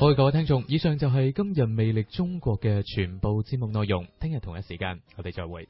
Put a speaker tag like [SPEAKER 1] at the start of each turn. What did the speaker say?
[SPEAKER 1] 好嘅,各位聽眾,以上就係今日魅力中國嘅全部節目內容,聽日同一時間,我哋再會。